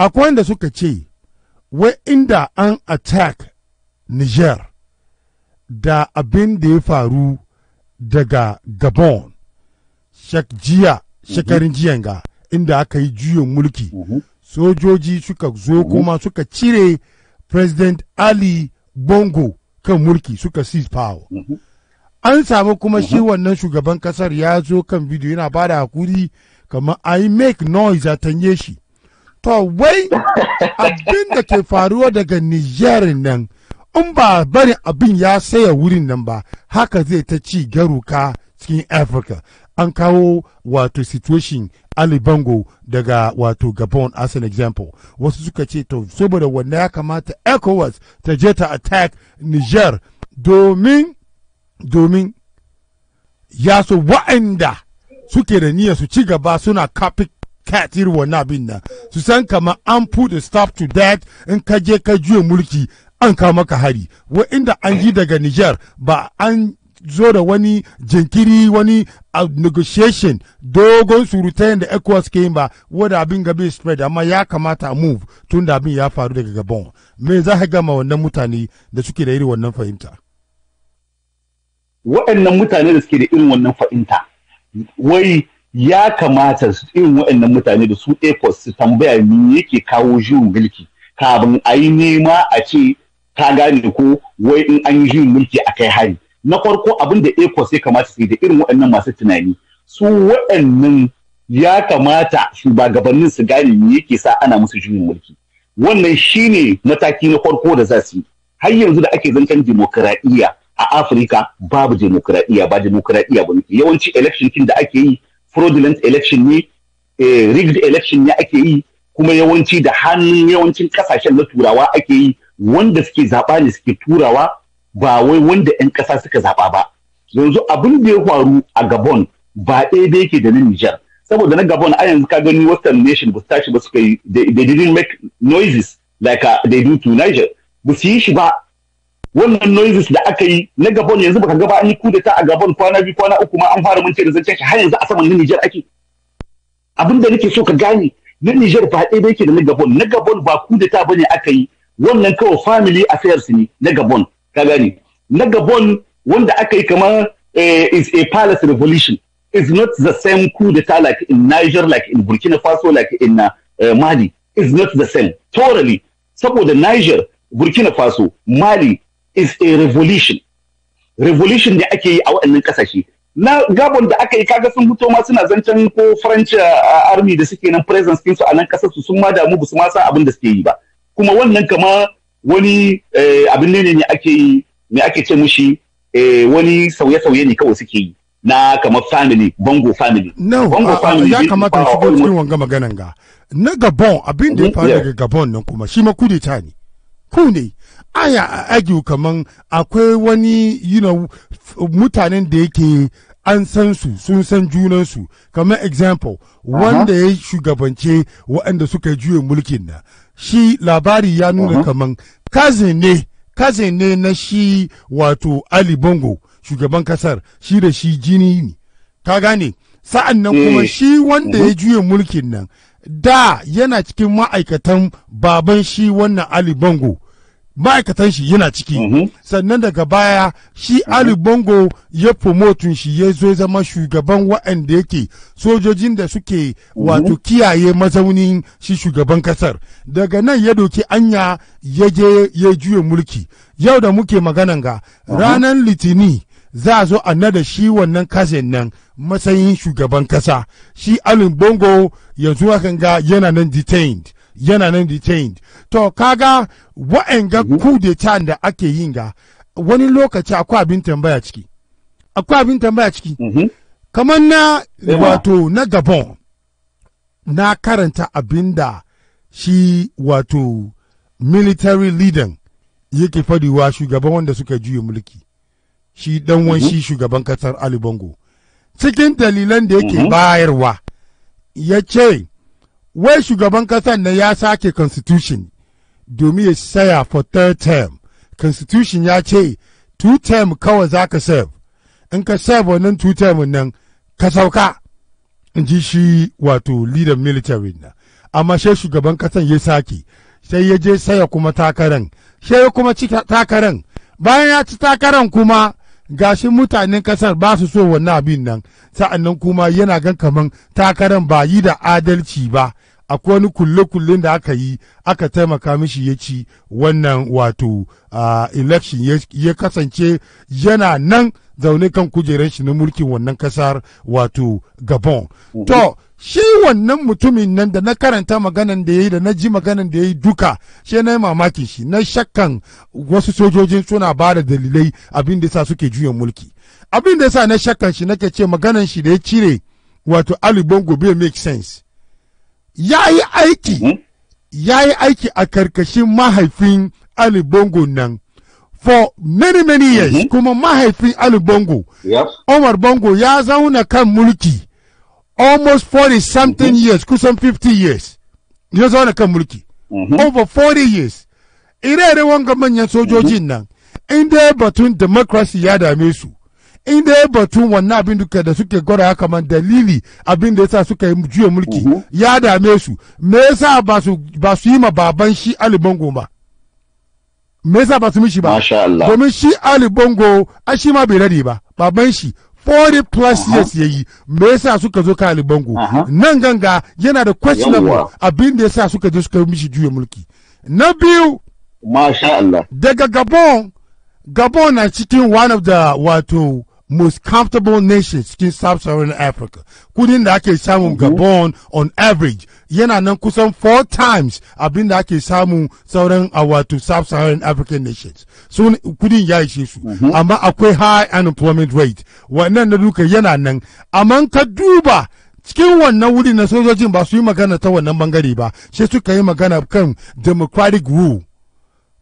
akwai wanda suka ce wai inda an attack niger da abin da ya faru daga gabon jiya shekarun jiyan ga inda aka yi juyin mulki sojoji suka zo kuma suka cire president ali bongo kan mulki suka seize power an samu kuma shi wannan shugaban kasar ya zo kan bidiyo yana bada da hakuri kamar i make noise a tanye shi to wai abin da ke faruwa daga niger nan in ba bari abin ya saya wurin nan ba haka zai ta ci garuka cikin africa an kawo wato situation ali bango daga wato gabon as an example wasu suka ce to saboda wanda ya kamata ecowas ta je ta attack niger domin domin ya so wa'anda suke da niyyar su ci gaba suna kafin cat irin wannan abin nan su san kamar an put a stop to that in ka je ka juya mulki an kawo maka hari wa inda an yi daga niger ba an zo da wani jinkiri wani uh, negotiation dogon surutayen da ecowas ke yin ba wadda abin gabe spread amma ya kamata a move tun da abin ya faru daga gabon me za ka gama wannan mutane da suke da irin wannan fahimta waɗannan mutane da suke da irin wannan fahimta wai ya kamata su irin waɗannan mutane da su ecos su tambaya me yake kawo jiwon mulki kafin a yi nema a ce ta gane ko wai in an yi juyin mulki a kai hari na farko abin da ecos ya kamata su yi da irin waɗannan masu tunani su waɗannan ya kamata shugabannin su gane me yake sa ana musu jiwon mulki wannan shine mataki na farko da za su yi har yanzu da ake zancen dimokuraɗiyya a afirka babu demokuraɗiyya ba demokuraɗiyya ba yawanci election kin da ake yi fraudulent election ne eh, rigged election ne ake yi kuma yawanci da hannun yawancin kasashen na turawa ake yi wanda suke zaɓa ne suke turawa ba wai wanda 'yan ƙasa suka zaɓa ba yanzu abin da ya faru a gabon ba ɗaya da yake da na nijar saboda na gabon a yanzu ka gani western nation ba su tashi ba suka yi they didn't make noises like uh, they do to niger ba su yi shi ba wannan noises da aka yi na gabon yanzu baka gaba an yi kudeta a gabon kwana biyu kwana uku ma an fara mun da da zancen har yanzu a saman na Nijar ake abin da nake so ka gane na Nijar ba ɗaya bai ke da na gabon na gabon ba kudeta bane aka yi wannan kawai family affairs ne na gabon ka gane na gabon wanda aka yi kamar eh, is a palace revolution is not the same coup like in Niger like in Burkina Faso like in eh, Mali is not the same totally saboda Niger Burkina Faso Mali is a revolution revolution da ake yi a waɗannan ƙasashe na gabon da aka yi kaga sun huto ma suna zancen ko french uh, army da suke nan presence kinsu a nan ƙasar su sun ma damu ba su ma san abin da suke yi ba kuma wannan kama wani eh, abin ne ne ake yi me ake ce mushi eh, wani sauye-sauye ne kawai suke yi na kama family bongo family bongo family ya kamata shigo cikin wanga maganan ga na gabon abin da ya faru daga gabon nan kuma shi ma kudeta ne ku ne aya ajiyu kaman akwai wani you know, mutanen da yake an san su sun san junansu kamar example wanda ya shugabance waɗanda suka juye mulkin na shi labari ya nuna kaman kazin ne kazin ne na shi wato ali bongo shugaban kasar shi da shi jini ne ka gane sa'an nan eh. kuma shi wanda ya juye mulkin nan da yana cikin ma'aikatan baban shi wannan ali bongo ma'aikatan shi yana ciki mhm. sannan daga baya shi mhm. ali bongo ya promotun shi ya zo zama shugaban waɗanda yake sojojin da suke mhm. wato kiyaye mazaunin shi shugaban kasar daga nan ya doki anya ya je ya juya mulki yau da muke maganan ga ranar litini za a zo a nada shi wannan kasin nan matsayin shugaban kasa shi ali bongo yanzu hakan ga yana nan detained yana nan detained to kaga wa'anga ku mhm. da ake yin ga wani lokaci akwai abin tambaya ciki akwai abin tambaya ciki mhm. kamar na eh, wato na gabon na karanta abin da shi wato military leader yake fadiwa shugaban wanda suka juya mulki shi dan wan shi mhm. shugaban kasar ali bongo cikin dalilan da yake bayarwa ya ce wai shugaban kasan na ya sake constitution domin ya saya for third term constitution ya ce two term kawai za ka serve in ka serve wannan two term nan ka sauka in ji shi wato leader military na amma sai shugaban kasan ya sake sai ya je saya kuma takaran sai ya kuma ci takaran bayan ya ci takaran kuma gashi mutanen kasar ba su so wannan abin nan sa'annan kuma yana gan kaman takaran ba yi da adalci ba akwai wani kulle-kullen da aka yi aka taimaka mishi ya ci wannan wato election ya kasance yana nan zaune kan kujerar shi na mulkin wannan kasar wato gabon mhm. to shi wannan mutumin nan da na karanta maganan da ya yi da na ji maganan da ya yi duka shi na yi mamakin shi na shakkan wasu sojojin suna ba da dalilai abin da sa suke juya mulki abin da sa na shakkan shi nake ce maganan shi da ya cire wato ali bongo bai make sense ya yi aiki hmm? ya yi aiki a karkashin mahaifin Ali Bongo nan for many many years mm -hmm. kuma mahaifin Ali Bongo yep. Omar Bongo ya zauna kan mulki almost 40 something mm -hmm. years kusan 50 years ya zauna kan mulki mm -hmm. over 40 years ire-ire wanga manyan sojojin hmm? nan in batun democracy ya dame su in dai batun wannan abin duka da suke gwada ya kamar dalili abin da yasa suka yi juya mulki ya dame su me yasa ba su yi ma baban shi Ali Bongo ba me yasa ba su mishi ba domin shi Ali Bongo a shi ma bai rade ba baban shi 40 plus years ya yi me yasa suka zo ka Ali Bongo nan ganga yana da questionable abin da yasa suka je suka yi mishi juya mulki na biyu Masha Allah. Daga Gabon, Gabon na cikin one of the wato most comfortable nation cikin sub-saharan africa kudin da ake samu gabon on average yana nan kusan four times abin da ake samu sauran wato sub-saharan african nations so kudin ya ishe su amma akwai high unemployment rate wannan na duka yana nan amma ka duba cikin wannan wuri na sojojin ba su yi magana ta wannan bangare ba sai suka yi magana kan democratic rule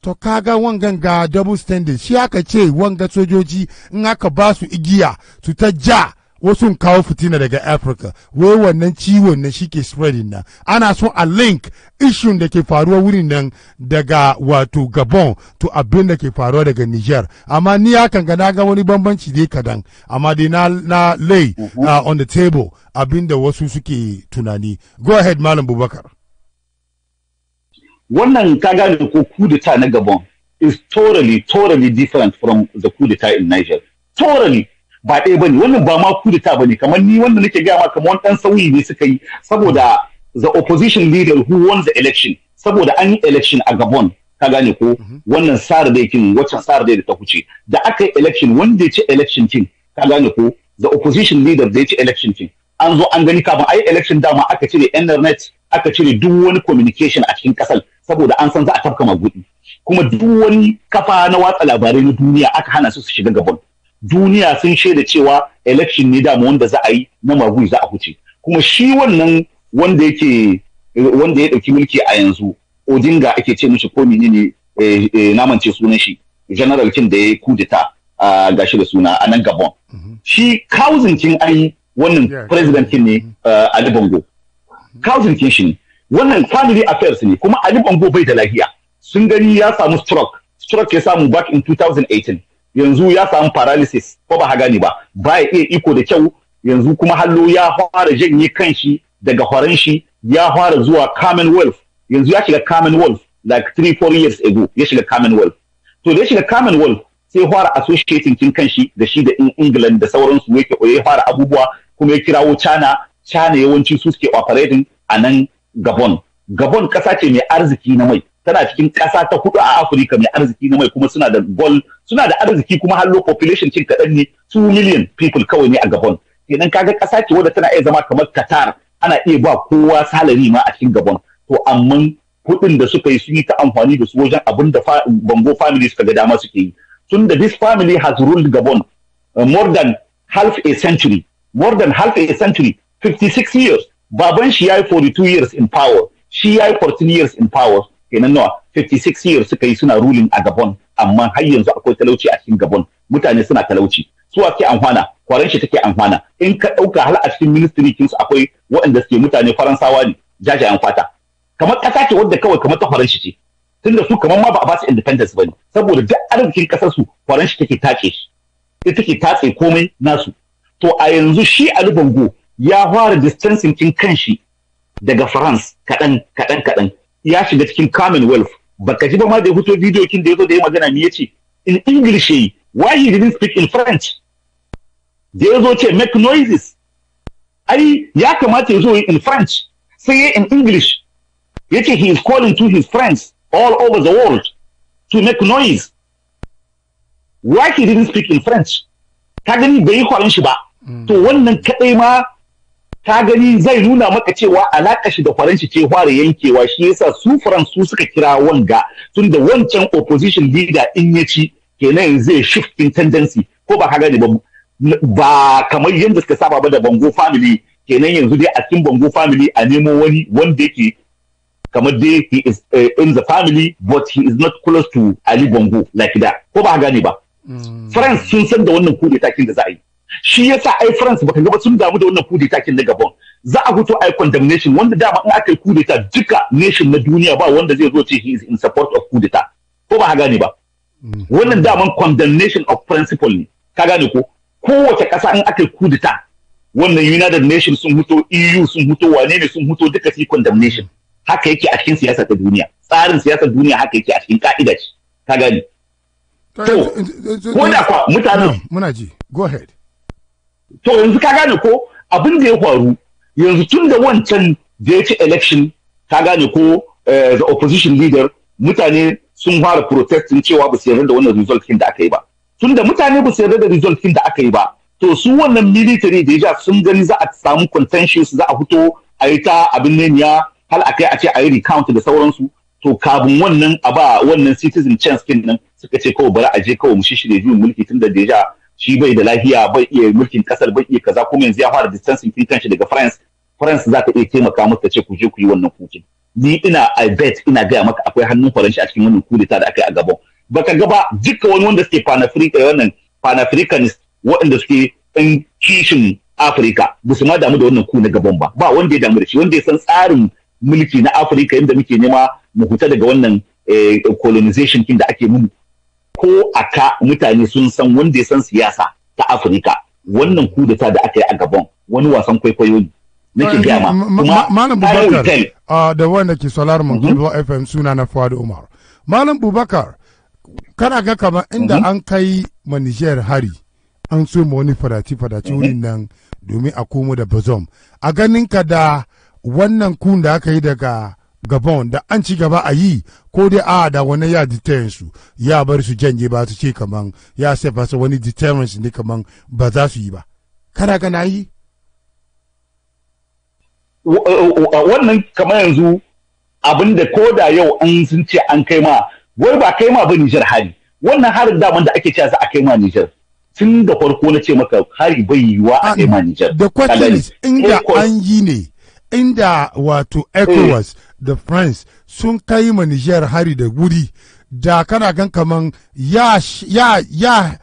to kaga wangan ga double standard shi aka ce wanga sojoji in aka ba su igiya su ta ja wasu kawo fitina daga africa wai wannan ciwon na shike spreading nan ana so a link issue da ke faruwa wurin nan daga wato gabon to abin da ke faruwa daga niger amma ni hakan ga na ga wani bambanci dai kadan amma dai na, na lay mhm. uh, on the table abin da wasu suke tunani go ahead malam bubakar wannan ka gane ko kudeta na gabon is totally totally different from the kudeta in niger totally ba ɗaya bane wannan ba ma kudeta bane kamar ni wanda nake gaya ma kamar wani ɗan sauyi ne suka yi saboda the opposition leader who won the election saboda an yi election a gabon ka gane ko mhm. wannan da yakin waccan tsara da ta huce da aka yi election wanda ya ci election kin ka gane ko the opposition leader da ya ci election kin an zo an gani kafin a yi election dama aka cire internet aka cire duk wani communication a cikin kasar saboda an san za a tafka maguɗi kuma duk wani kafa na watsa labarai na duniya aka hana su su shiga gaban duniya sun shaida cewa election ne dama wanda za a yi na magui za a huce kuma shi wannan wanda yake wanda ya ɗauki mulki a yanzu odinga ake ce mishi ko menene eh, eh, namance sunan shi general kin da ya kudita a gashi da suna a nan gabon mhm. shi kawuzinkin kin ai wannan president kin ne mhm. eh, ali bongo Kawuzinkin shi ne wannan family affairs ne kuma Ali Bango bai da lafiya sun gani ya samu stroke stroke ya samu back in 2018 yanzu ya samu paralysis ko ba haga ni ba ba ya iya iko da kyau yanzu kuma hallo ya fara janye kanshi daga horon shi ya fara zuwa commonwealth yanzu ya shiga commonwealth like 3 4 years ago ya shiga commonwealth to da ya shiga commonwealth sai fara associating kin kanshi da shi da England da sauransu yake ya fara abubuwa kuma ya kirawo China China yawanci su suke operating a nan Gabon. Gabon ƙasa ce mai arziki na mai. Tana cikin ƙasa ta hudu a Afirka mai arziki na mai kuma suna da gol suna da arziki kuma har low population cin kaɗan ne 2 million people kawai ne a Gabon. Kenan kaga ƙasa ce wadda tana iya zama kamar Qatar ana iya ba kowa salari ma a cikin Gabon. To amma kuɗin da suka yi sun yi ta amfani da su wajen abin da Bango family suka ga dama suke yi. Tun da this family has ruled Gabon uh, more than half a century, more than half a century, 56 years. baban shi ya yi 42 years in power shi ya yi 14 years in power kenan nawa 56 years suka yi suna ruling a Gabon amma har yanzu akwai talauci a cikin Gabon mutane suna talauci su ke amfana kwaran shi take amfana in ka ɗauka har a cikin ministry kinsu akwai waɗanda suke mutane faransawa ne jajayen fata kamar ƙasa ce wadda kawai kamar ta shi ce tunda su kamar ma ba a ba su independence ne. saboda duk arzikin kasar su shi take tace shi ita take tatse komai nasu to a yanzu shi Ali Bango ya fara distancing kin kanshi daga France kaɗan kaɗan kaɗan ya shiga cikin Commonwealth baka ji ba ma da ya fito bidiyo kin da ya da ya magana ni yace in English yayi why he didn't speak in French da ya ce make noises ai ya kamata ya in French sai in English yace he is calling to his friends all over the world to make noise why he didn't speak in French ka gani bai yi kwarin shi ba hmm. to wannan kadai ma ta gani zai nuna maka cewa alaƙa shi da faransa ce fara yankewa shi yasa su faransu suka kira wanga tun da wancan opposition leader in ya ci kenan zai shift in tendency ko ba ka ne ba ba kamar yadda suka saba ba da bango family kenan yanzu dai a cikin bango family a nemo wani wanda yake kamar dai he is eh, in the family but he is not close to Ali Bongo like that ko ba gani ba mm. France sun san da wannan takin da za a yi shi yasa ai France baka ga sun damu da wannan kudeta kin na Gabon za a fito ai condemnation wanda dama in aka yi kudeta duka nation na duniya ba wanda zai zo ce he is in support of kudeta ko ba ha gane ba mm. wannan daman condemnation of principle ne ka gane ko kowace ƙasa in aka yi kudeta wannan United Nations sun huto EU sun huto wane ne sun huto duka su condemnation haka yake a cikin siyasa ta duniya tsarin siyasar duniya haka yake a cikin ka'ida ce ka gane to ko da kwa mutanen muna ji go ahead to yanzu ka gane ko abin da ya faru yanzu tun da wancan da ya ci election ka gane ko eh, the opposition leader mutane sun fara protesting cewa ba su yarda da wannan result da aka yi ba tun da mutane ba su yarda da result da aka yi ba to su wannan military da ya sun gani za a samu contentious za a fito a yi ta abin ne ya hal a kai a ce a yi recount da sauransu to kafin wannan a ba wannan citizen chance kin nan suka ce kawai bari a je kawai mu shishire juyin mulki tun da deja shi bai da lahiya. bai iya mulkin kasar bai iya kaza kuma yanzu ya fara distancing kin kanshi daga France France za ta iya taimaka musu ta ce ku je ku yi wannan kukin ni ina I bet ina gaya maka akwai hannun faranshi a cikin wannan kulita da aka yi a gaban baka ga ba duka wani wanda suke panafrica eh, wannan panafricanist waɗanda suke ɗan kishin Afirka ba su ma damu da wannan ku na gaban ba ba wanda ya damu da shi wanda ya san tsarin mulki na Afirka yanda muke nema mu huta daga wannan eh, colonization kin da ake mun ko aka mutane sun san wanda ya san siyasa ta Afirka wannan ku da aka yi a Gabon wani wasan kwaikwayo ne. Nake gaya ma. Kuma Malam Bubakar uh, da wanda ke salar mu FM mhm. suna na Fuad Umar. Malam Bubakar kana ga kamar inda mhm. an kai ma Niger hari an so ma wani fadaci-fadaci mhm. wurin nan domin a komo da Bazom. A ganin ka da wannan kun da aka yi daga gabon da an ci gaba a yi ko dai a da wani ya deterrence su ya bar su janye ba su ce kaman ya sai fasa wani deterrence ne kaman ba za su yi ba kana gana yi wannan kamar yanzu abin da ko da yau an sun ce an kai ma wai ba kai ma ba Nijar hari wannan harin daman da ake cewa za a kai ma Nijar tun da farko na ce maka hari bai wa a kai ma Nijar ah, the question is inda an yi ne inda wato ECOWAS da france sun kai ma niger hari da guri da kana gan kaman ya ya ya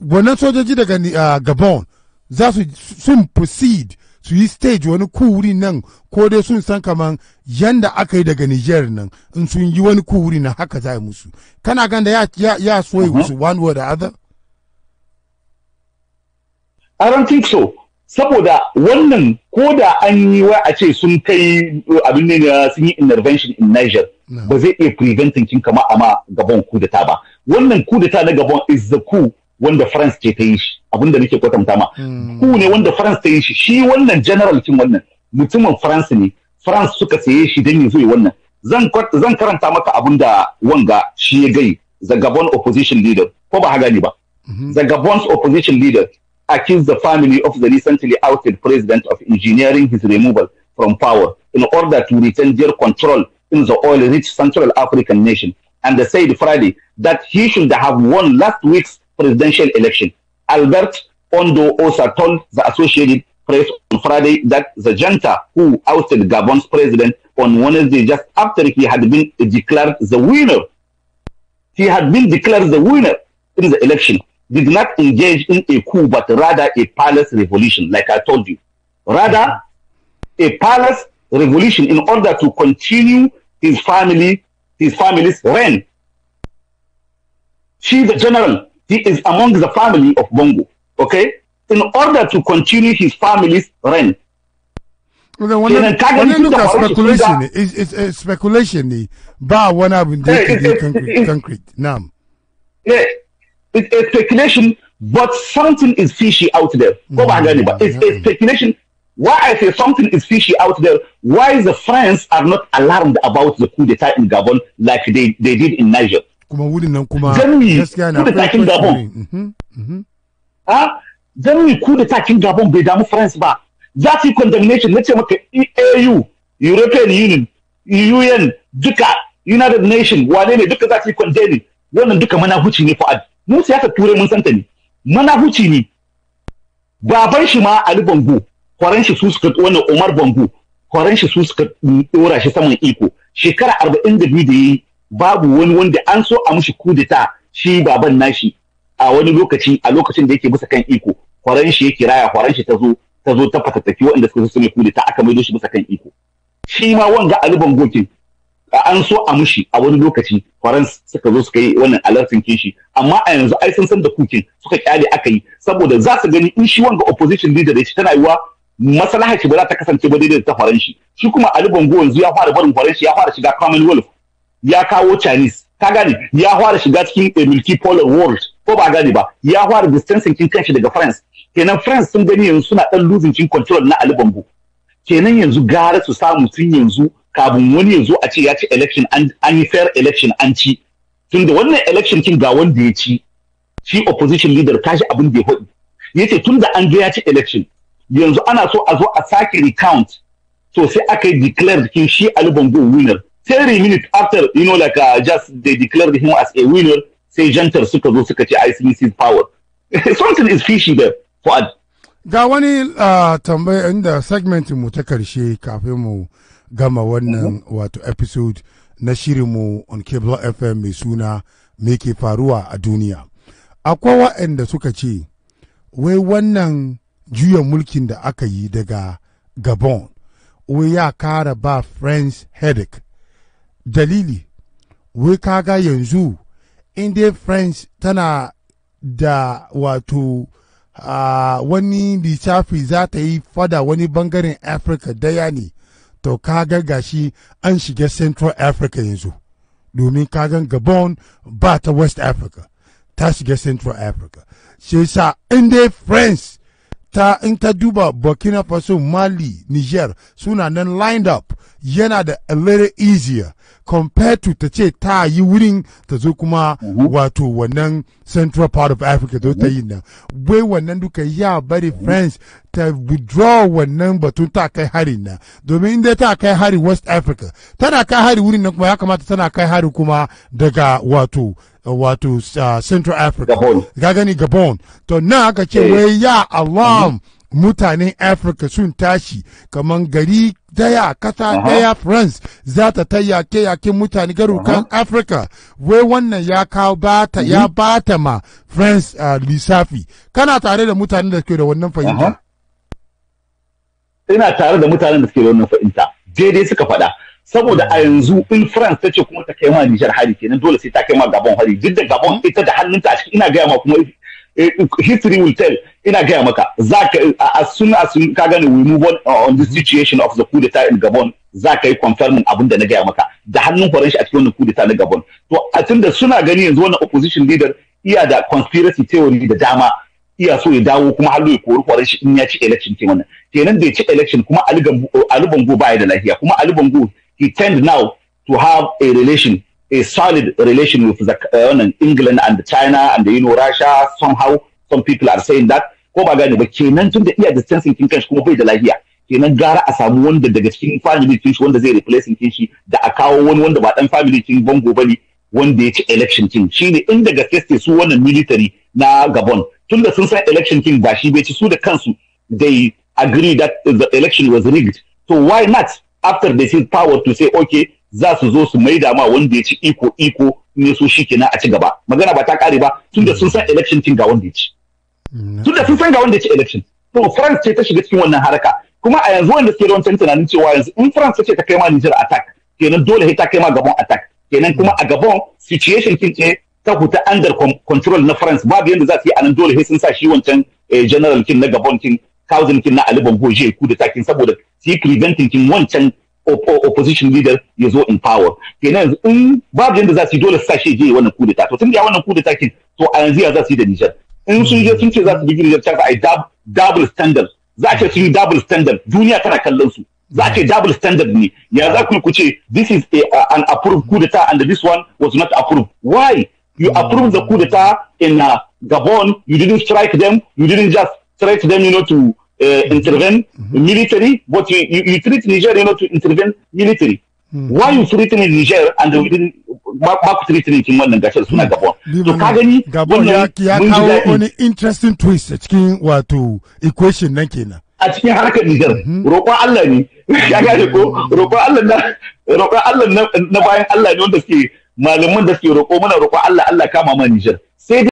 wannan sojoji daga uh, gabon za su sun proceed su yi stage wani kuri nan ko dai sun san kaman yanda aka yi daga niger nan in sun yi wani kuri na haka za musu kana gan da ya ya, ya so uh-huh. musu one word or other I don't think so. saboda wannan ko da an yi wa a ce sun kai uh, abin ne na sun yi intervention in Niger ba zai iya preventing kin kama ama gaban ta ba wannan ta na gaban is the coup wanda France ce ta yi shi abin da nake kwatanta ma hmm. coup ne wanda France ta yi shi shi wannan general kin wannan mutumin France ne France suka saye shi dan ya zo wannan zan zan karanta maka abin da wanga shi ya gai the Gabon opposition leader ko ba ha gani ba mm-hmm. the Gabon's opposition leader accused the family of the recently outed president of engineering his removal from power in order to retain their control in the oil-rich Central African nation and they said Friday that he should have won last week's presidential election. Albert Ondo also told the Associated Press on Friday that the junta who ousted Gabon's president on Wednesday just after he had been declared the winner. He had been declared the winner in the election did not engage in a coup, but rather a palace revolution, like I told you. Rather, a palace revolution in order to continue his family, his family's reign. She, the general, he is among the family of Bongo, okay? In order to continue his family's reign. Okay, when, you, when you look at speculation, it's, it's, speculation. Eh? Ba, when I've been concrete. concrete. Nam. Yeah. it's a speculation, but something is fishy out there. Ko back, gane mm, ba, it's a speculation. Why I say something is fishy out there, why the France are not alarmed about the coup d'etat in Gabon like they, they did in Niger? Kuma wurin nan kuma gaskiya na Gabon. Ah, Germany coup d'etat kin Gabon mhm, mhm. bai damu France ba. That is condemnation na ce maka EU, European Union, UN, duka United Nations, wane ne duka za su yi condemning. Wannan duka mana huci ne fa'ad. ya ka ture mun santa ne huci ne baban shi ma Ali Bango kwaran shi su suka wannan Umar Bango kwaran shi su suka dora shi saman iko shekara 42 da yi babu wani wanda an so a mushi kudeta shi baban nashi a wani lokaci a lokacin da yake bisa kan iko kwaran shi yake raya kwaran shi ta zo ta zo ta fatattaki waɗanda suka zo su mai kudeta aka maido shi bisa kan iko shi ma wanga Ali Bango kin an so a mushi a wani lokaci farans suka zo suka yi wannan alertin kishi amma a yanzu ai sun san da kukin suka kyale aka yi saboda za su gani in shi wanga opposition leader shi tana yiwa masalaha shi ba za ta kasance ba daidai da ta faran shi shi kuma Ali Bongo yanzu ya fara barin faran shi ya fara shiga Commonwealth ya kawo Chinese ka gane ya fara shiga cikin a eh, polar world ko ba gane ba ya fara distancing kin kanshi daga France kenan France sun gani yanzu suna dan losing kin control na Ali Bongo kenan yanzu gara su samu tun yanzu kafin wani ya zo a ce ya ci election an yi fair election an ci tunda wannan election kin ga wanda ya ci shi opposition leader tashi abin da ya faɗi tun da an ga ya ci election yanzu ana so a zo a sake recount so sai aka yi declare kin shi Ali Bongo winner 30 minutes after you know like uh, just they declared him as a winner sai jantar suka zo suka ce icc power something is fishy there for ga wani uh, inda segment mu ta karshe kafin mu gama wannan wato episode na shirinmu on cable fm mai suna me ke faruwa a duniya akwai waɗanda suka ce wai wannan juyan mulkin da aka yi daga gabon wai ya kara ba french headache dalili wai kaga yanzu inda french tana da wato uh, wani lissafi za ta yi fada wani bangaren afirka daya ne to kaga gashi an shiga central africa yanzu domin kagan gabon ba ta west africa ta shiga central africa shi sa in dai france ta in ta duba burkina faso mali niger suna nan lined up yana da a little easier compared to ta ce ta yi wurin ta zo kuma mhm. wato wannan central part of africa zo ta mhm. yi nan wai wannan duka ya bari mhm. france ta withdraw wannan batun ta kai hari na domin inda ta kai hari west africa tana kai hari wurin nan kuma ya kamata tana kai hari kuma daga wato Uh, wato uh, central africa ga gani gabon to na aka ce eh. wai ya alam mm-hmm. mutanen africa sun tashi kamar gari daya kasa daya france za ta ta yake yakin mutane kan africa wai wannan ya kawo bata ya mm-hmm. bata ma france uh, lissafi kana tare da mutanen da suke da wannan fahimta ina tare da mutanen da suke da wannan fahimta daidai suka faɗa saboda a yanzu in France ta ce kuma ta kai ma Nijar hari kenan dole sai ta kai ma Gabon hari duk da Gabon hmm. ita da hannunta a cikin ina gaya ma kuma eh, eh, history will tell ina gaya maka za ka as soon as ka gane we move on uh, on the situation of the coup d'etat in Gabon za ka yi confirming abin da na gaya maka da hannun faran shi a cikin wannan coup d'etat na Gabon to a tunda suna gani yanzu wannan opposition leader iya da conspiracy theory da dama iya so ya dawo kuma hallo ya kori kwarar shi in ya ci election ke wannan kenan da ya ci election kuma Ali Bango baya da lafiya kuma Ali Bango he tend now to have a relation, a solid relation with the, uh, England and China and you know Russia. Somehow, some people are saying that. Ko ba gani ba kenan tun da iya distancing kin kanshi kuma bai da lafiya. Kenan gara a samu wanda daga cikin family kin shi wanda zai replace kin shi da a kawo wani wanda ba dan family kin bango bane wanda ya ci election king shine inda gaske su wannan military na Gabon tun da sun san election kin ba shi bai ci su da kansu they agree that the election was rigged so why not after they see power to say okay za su zo su maida ma wanda ya ci iko iko ne su shi kenan a ci gaba magana ba ta kare ba tun da sun san election tin ga wanda ya ci mm. tun da sun san ga wanda ya ci election to France ce ta shiga cikin wannan haraka kuma a yanzu wanda suke da wancan tunanin cewa yanzu in France ce ta kai ma Niger attack kenan dole sai ta kai ma Gabon attack kenan kuma a Gabon situation kin ce ta huta under control na France babu yadda za su yi anan dole sai sun sa shi wancan eh, general kin na Gabon kin thousand kin na Ali Bongo je ku da takin saboda su yi preventing kin wancan opposition leader ya zo in power kenan yanzu in babu yadda za su yi dole sashe je wannan da ta to tun da wannan ku da takin to a yanzu ya za su yi da nijar in sun je sun ce za su bi Niger ta ai double standard za ce su yi double standard duniya tana kallon su za ce double standard ne ya za ku ku ce this is a, uh, an approved da ta and this one was not approved why you approved the coup d'etat in uh, Gabon you didn't strike them you didn't just strike them you know to uh, intervene mm-hmm. military, but you, you, you, treat Niger, you know, to intervene military. Mm. hmm Why you treating Niger and we didn't ba ku in cikin and gashar suna hmm. Gabon. To ka gani Gabon ya kawo wani interesting twist a cikin to equation Nankina. kenan. a cikin harkar Nijar hmm. roƙon Allah ne ya gane ko roƙon Allah na roƙon Allah na bayan Allah ne wanda suke malaman da suke roƙo muna roƙon Allah Allah kama ma Nijar